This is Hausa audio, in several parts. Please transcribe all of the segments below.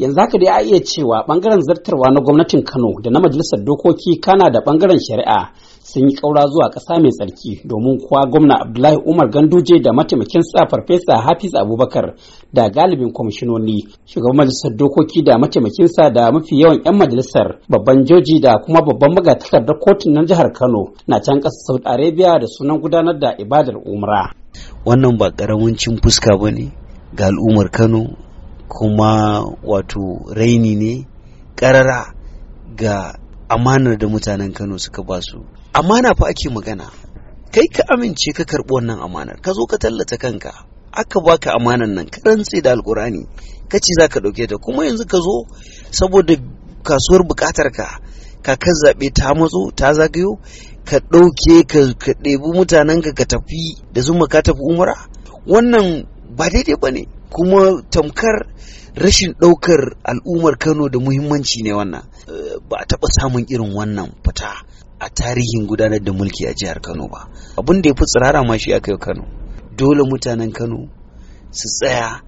yanzu haka dai a iya cewa bangaren zartarwa na gwamnatin kano da na majalisar dokoki kana da bangaren shari'a sun yi kaura zuwa ƙasa mai tsarki domin kuwa gwamna abdullahi umar ganduje da mataimakin sa farfesa hafiz abubakar da galibin kwamishinoni shugaban majalisar dokoki da mataimakin sa da mafi yawan 'yan majalisar babban joji da kuma babban magatakardar kotun nan jihar kano na can kasa saudi arabia da sunan gudanar da ibadar umra wannan ba ƙaramin cin fuska ba ne ga al'ummar kano kuma wato raini ne ƙarara ga amanar da mutanen kano suka ba su amana fa ake magana kai ka amince ka karɓi wannan amanar ka zo ka tallata kanka aka baka amanan nan ka rantse da alkurani ka ce za ka ɗauke ta kuma yanzu ka zo saboda kasuwar buƙatar ka kakar zaɓe ta matso ta zagayo ka ɗauke ka ɗebi mutanenka ka tafi da zuma ka tafi umara wannan ba daidai ba ne kuma tamkar rashin ɗaukar al'ummar kano da muhimmanci ne wannan eh, ba a taɓa samun irin wannan fita a tarihin gudanar da mulki a jihar kano ba abin da ya fi tsirara ma shi aka yi kano dole mutanen kano su tsaya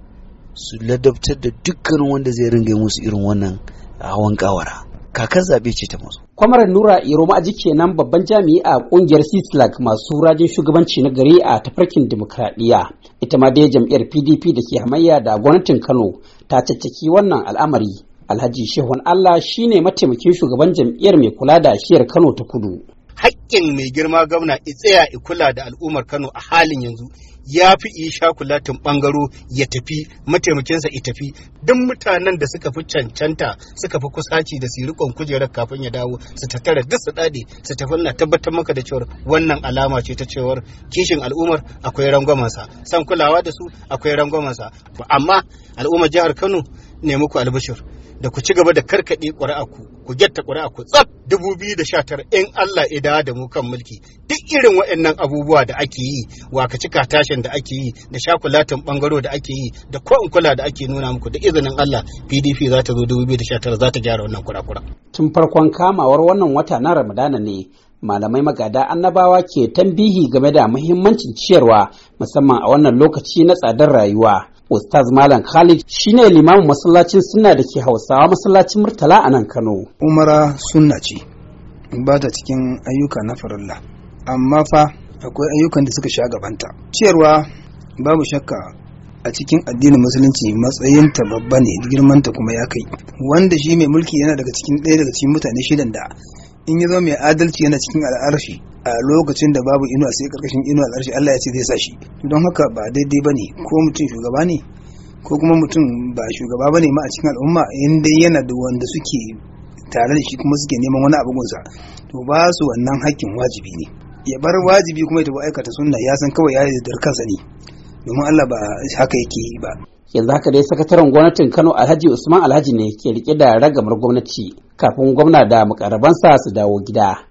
su ladabtar da dukkanin wanda zai ringa musu irin wannan hawan kawara kakar zabe ce ta masu. kwamarar nura iroma aji kenan babban jami'i a kungiyar cislac masu rajin shugabanci na gari a tafarkin dimokuraɗiyya ita ma dai jam'iyyar pdp da ke hamayya da gwamnatin kano ta caccaki wannan al'amari alhaji shehu allah shine mataimakin shugaban jam'iyyar mai kula da shiyar kano ta kudu haƙƙin mai girma gwamna i tsaya i kula da al'ummar Kano a halin yanzu ya fi yi shakulatin ɓangaro ya tafi mataimakinsa ya tafi duk mutanen da suka fi cancanta suka fi kusaci da sirikon kujerar kafin ya dawo su tattara duk su dade su tafi na tabbatar maka da cewar wannan alama ce ta cewar kishin al'ummar akwai rangwamansa san kulawa da su akwai rangwamansa amma al'ummar jihar Kano ne muku albishir da ku ci gaba da karkaɗe ƙuri'arku ku gyatta ƙuri'arku tsaf 2019 in Allah ya dawo da mu kan mulki duk irin waɗannan abubuwa da ake yi cika tashin da ake yi da shakulatin ɓangaro da ake yi da ko in kula da ake nuna muku da izinin Allah PDP za ta zo 2019 za ta gyara wannan kura-kura. Tun farkon kamawar wannan wata na Ramadana ne malamai magada annabawa ke tambihi game da muhimmancin ciyarwa musamman a wannan lokaci na tsadar rayuwa. Ustaz Malam Khalid shine limamin masallacin sunna da ke Hausawa masallacin Murtala a nan Kano. Umara sunna ce ba ta cikin ayyuka na farilla amma fa akwai ayyukan da suka sha gabanta. Ciyarwa babu shakka a cikin addinin musulunci matsayinta babba ne girmanta kuma ya kai wanda shi mai mulki yana daga cikin ɗaya daga cikin mutane shidan da in ya zo mai adalci yana cikin al'arshi a lokacin da babu inuwa sai karkashin inuwa al'arshi Allah ya ce zai sa shi don haka ba daidai ba ne ko mutum shugaba ne ko kuma mutum ba shugaba ba ne ma a cikin al'umma in dai yana da wanda suke tare da shi kuma suke neman wani abu gunsa to ba su wannan hakkin wajibi ne ya bar wajibi kuma ya tafi aikata sunna ya san kawai ya yi kansa ne domin Allah ba haka yake yi ba yanzu haka dai sakataren gwamnatin kano alhaji usman alhaji ne ke rike da ragamar gwamnati kafin gwamna da mukarabansa su dawo gida